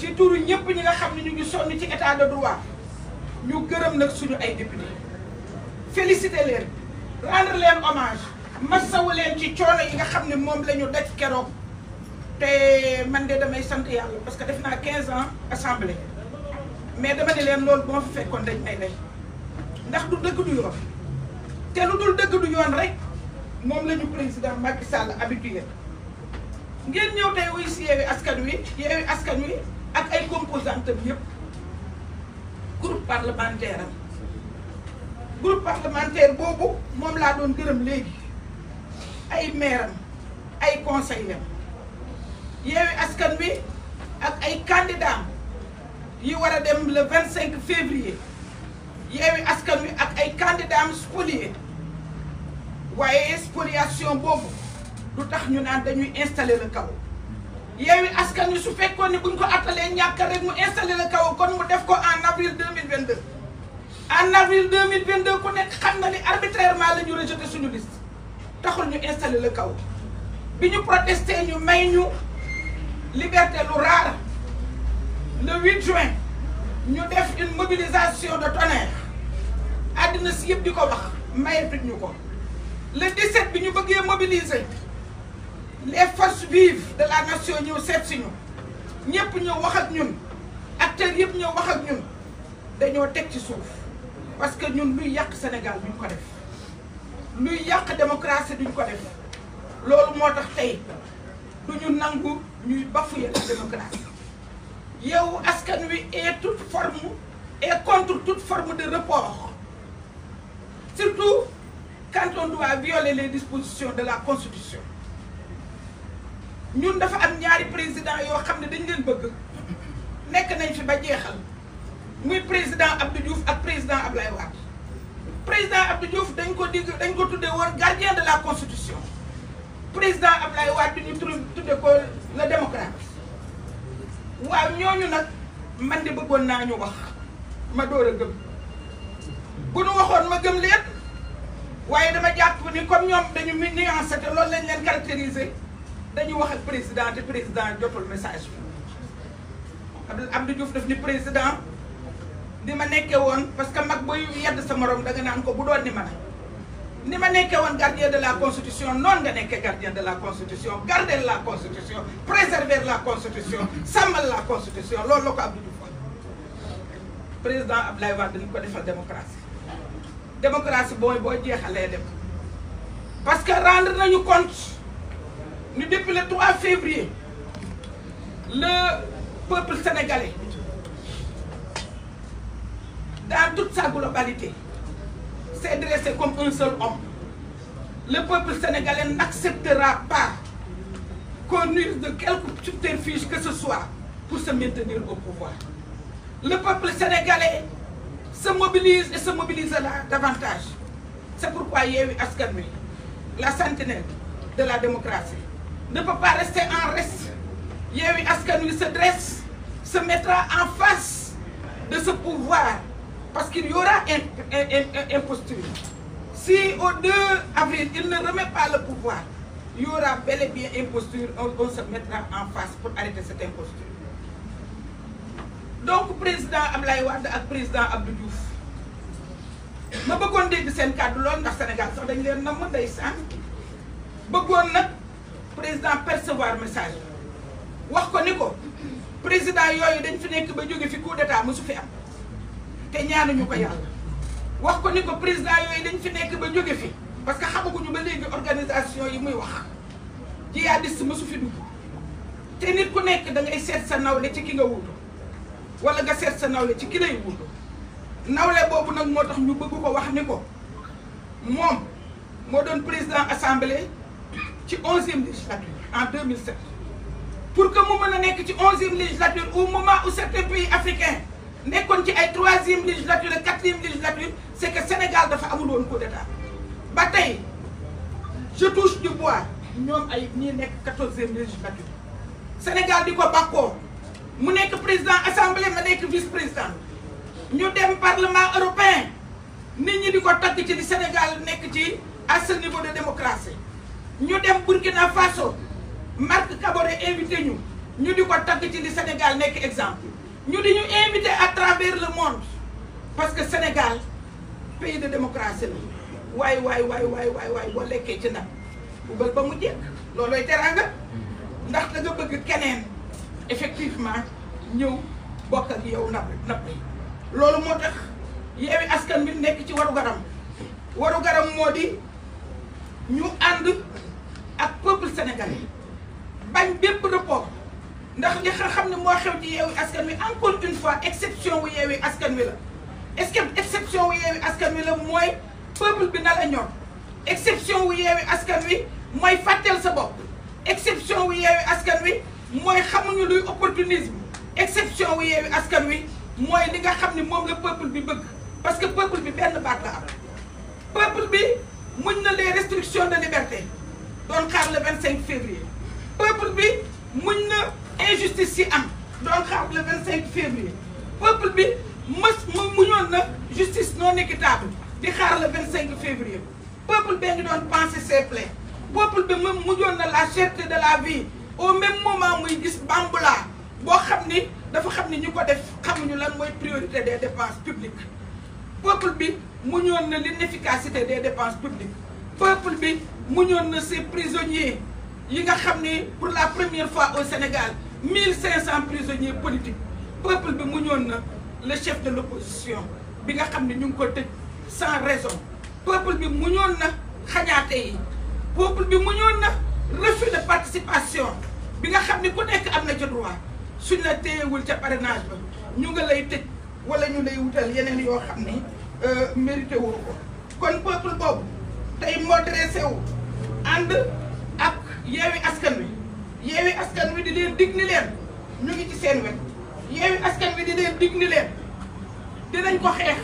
ci turu ñëpp ñi nga xam ne ñu ngi sonn ci état du droit ñu gërëm nag suñu ay député féliciter leen rendre leen hommage massawu leen ci coono yi nga xam ne moom la ñu daj keroog te man de damay sant yàlla parce que def naa 15 ans assemblée mais dama ne leen loolu boo fa fekkoon dañ ay lay ndax du dëgg du yoon te lu dul dëgg du yoon rek moom la ñu président Macky Sall habitué ngeen ñëw tey wuy yeewi askan wi yeewi askan wi. opposante am yëpp groupe parlementaire am groupe parlementaire boobu moom laa doon gërëm léegi ay maire am ay conseillers am yeewi askan wi ak ay candidat yi war a dem le vingt cinq février yeewi askan wi ak ay candidat am spolié waaye spoliation boobu lu tax ñu naan dañuy installer le chaos yeewi askan wi su fekkoon ne buñ ko attalee ñàkk rek mu installé la kaw kon mu def ko en avril 2022 en avril 2022 ku nekk xam na ni arbitrairement la ñu rejeté suñu liste taxul ñu installé la kaw bi ñu protesté ñu may ñu liberté lu rare le 8 ñu def une mobilisation de tonnerre àddina si yëpp di ko wax mayetuñ ñu ko le 17 bi ñu bëggee mobiliser les forces vives de la nation ñëw seet si ñu ñëpp ñëw wax ak ñun acteurs yëpp ñëw wax ak ñun dañoo teg ci suuf parce que ñun luy yàq Sénégal ñu ko def luy yàq démocratie duñ ko def loolu moo tax tey du ñu nangu ñuy bafouer la démocratie yow askan wi est toute forme et contre toute forme de report surtout quand on doit violer les dispositions de la constitution ñun dafa am ñaari président yoo xam ne dañ leen bëgg nekk nañ fi ba jeexal muy président Abdou Diouf ak président Ablaye Wade président Abdou Diouf dañ ko digg dañ ko tuddee woon gardien de la constitution président Ablaye Wade ñu tudde ko le démocrate waaw ñooñu nag man di bëggoon naa ñu wax ma door a gëm bu nu waxoon ma gëm leen waaye dama jàpp ni comme ñoom dañu nuancé te loolu lañ leen caractériser dañu wax ak président te président jotul message bi Abdou Diouf daf ni président ni ma nekkee woon parce que mag buy yedd sa morom danga naan ko bu doon ni ma na ni ma nekkee woon gardien de la constitution noonu nga nekkee gardien de la constitution garder la constitution préserver la constitution sàmmal la constitution loolu la ko Abdou Diouf wax président Abdoulaye Wade dañu ko defal démocratie démocratie booy boo jeexalee dem parce que rendre nañu lu depuis le 3 février le peuple sénégalais dans toute sa globalité s'est dressé comme un seul homme. Le peuple sénégalais n'acceptera pas qu'on use de quelque subterfuge que ce soit pour se maintenir au pouvoir. Le peuple sénégalais se mobilise et se mobilisera davantage. C'est pourquoi Yewwi Askan Wi, la sentinelle de la démocratie ne peut pas en reste Yewwi Askan Wi se dresse se mettra en face de ce pouvoir parce que y aura imposture si au 2 avril il ne remet pas le pouvoir il y aura bel et bien imposture on, on se mettra en face pour arrêter cette imposture donc président Ablaye Wade ak président Abdou Diouf ma bëggoon dégg seen kàddu lool ndax Sénégal sax dañ leen namm ndeysaan bëggoon nag président percevoir message wax ko ni ko président yooyu dañ fi nekk ba jóge fi coup d'état mosu fi am te ñaanuñu ko yàlla wax ko ni ko président yooyu dañ fi nekk ba jóge fi parce que xamaguñu ba léegi organisation yi muy wax jihadiste mosu fi dugg te nit ku nekk da ngay seet sa nawle ci ki nga wuutu wala nga seet sa nawle ci ki lay wuutu nawle boobu nag moo tax ñu bëgg ko wax ni ko moom moo doon président assemblée ci onzième législature en 2007 pour que mu mën a nekk ci onzième législature au moment u certains pays africains nekkoon ci ay troisième législature ak quatrième législature c' est que Sénégal dafa amul woon coup d' état ba tey je touche du bois ñoom ay ñii nekk quatorzième législature Sénégal di ko bàkkoo mu nekk président assemblée ma nekk vice président ñu dem parlement européen nit ñi di ko takk ci di Sénégal nekk ci à ce niveau de démocratie ñu dem Burkina Faso Marc Kaboré invité ñu ñu di ko tagg ci li Sénégal nekk exemple ñu di ñu invité à travers le monde parce que Sénégal pays de démocratie la waay waay waay waay waay waay boo lekkee ci ndab bugal ba mu jekk loolooy teraanga ndax da nga bëgg keneen effectivement ñëw bokk ak yow ndab ndab bi loolu moo tax yeewi askan bi nekk ci waru garam waru garam moo di ñu ànd ak peuple sénégalais bañ bépp report ndax li nga xam ni moo xew ci yeewi askan wi encore une fois exception wu yeewi askan wi la est-ce que exception wu yeewi askan wi la mooy peuple bi na la ñor exception wu yeewi askan wi mooy fàtteel sa bopp exception wu askan wi mooy xamuñu luy opportunisme exception wu yeewi askan wi mooy li nga xam ni moom la peuple bi bëgg parce que peuple bi benn baat la am peuple bi muñ na les restrictions de liberté doon xaar le 25 février peuple bi muñ na injustice yi am doon xaar le 25 février peuple bi mës mu muñoon na justice non équitable di xaar le cinq février peuple bee ngi doon penser ses plaies peuple bi moom mujjoon na la cherté de la vie au même moment muy gis bambula boo xam ni dafa xam ni ñu ko def xamuñu lan mooy priorité des dépenses publiques peuple bi mu muñoon na li l'inefficacité des dépenses publiques peuple bi mu ñoon na ces prisonniers yi nga xam ni pour la première fois au Sénégal mille cinq cent prisonniers politiques peuple bi mu ñoon na le chef de l'opposition bi nga xam ne ñu ngi ko tëj sans raison peuple bi mu ñoon na xañaate yi peuple bi mu ñoon na refus de participation bi nga xam ne ku nekk am na ci droit suñ la téyewul ca parrainage ba ñu nga lay tëj wala ñu lay wutal yeneen yoo xam ni euh, mérité woo ko kon peuple boobu tey moo dressé wu ak yeewi askan wi yeewi askan wi di leen dig ni leen ñu ngi ci seen wet yeewi askan wi di leen dig ni leen dinañ ko xeex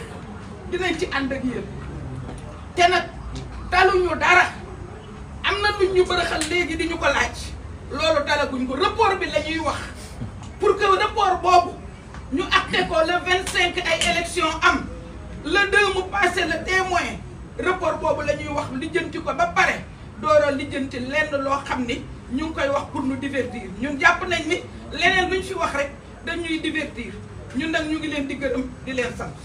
dinañ ci ànd ak yéen te nag taluñu dara am na luñ ñu bërëxal léegi di ñu ko laaj loolu dalaguñ ko rapport bi la ñuy wax pour que rapport boobu ñu acté ko le vingt cinq ay élection am le deux mu passé le témoin rapport boobu la ñuy wax li jënti ko ba pare door a lijjanti lenn loo xam ni ñu ngi koy wax pour nu divertir ñun jàpp nañ ni leneen lu ñu fi wax rek dañuy divertir ñun nag ñu ngi leen di gërëm di leen sant.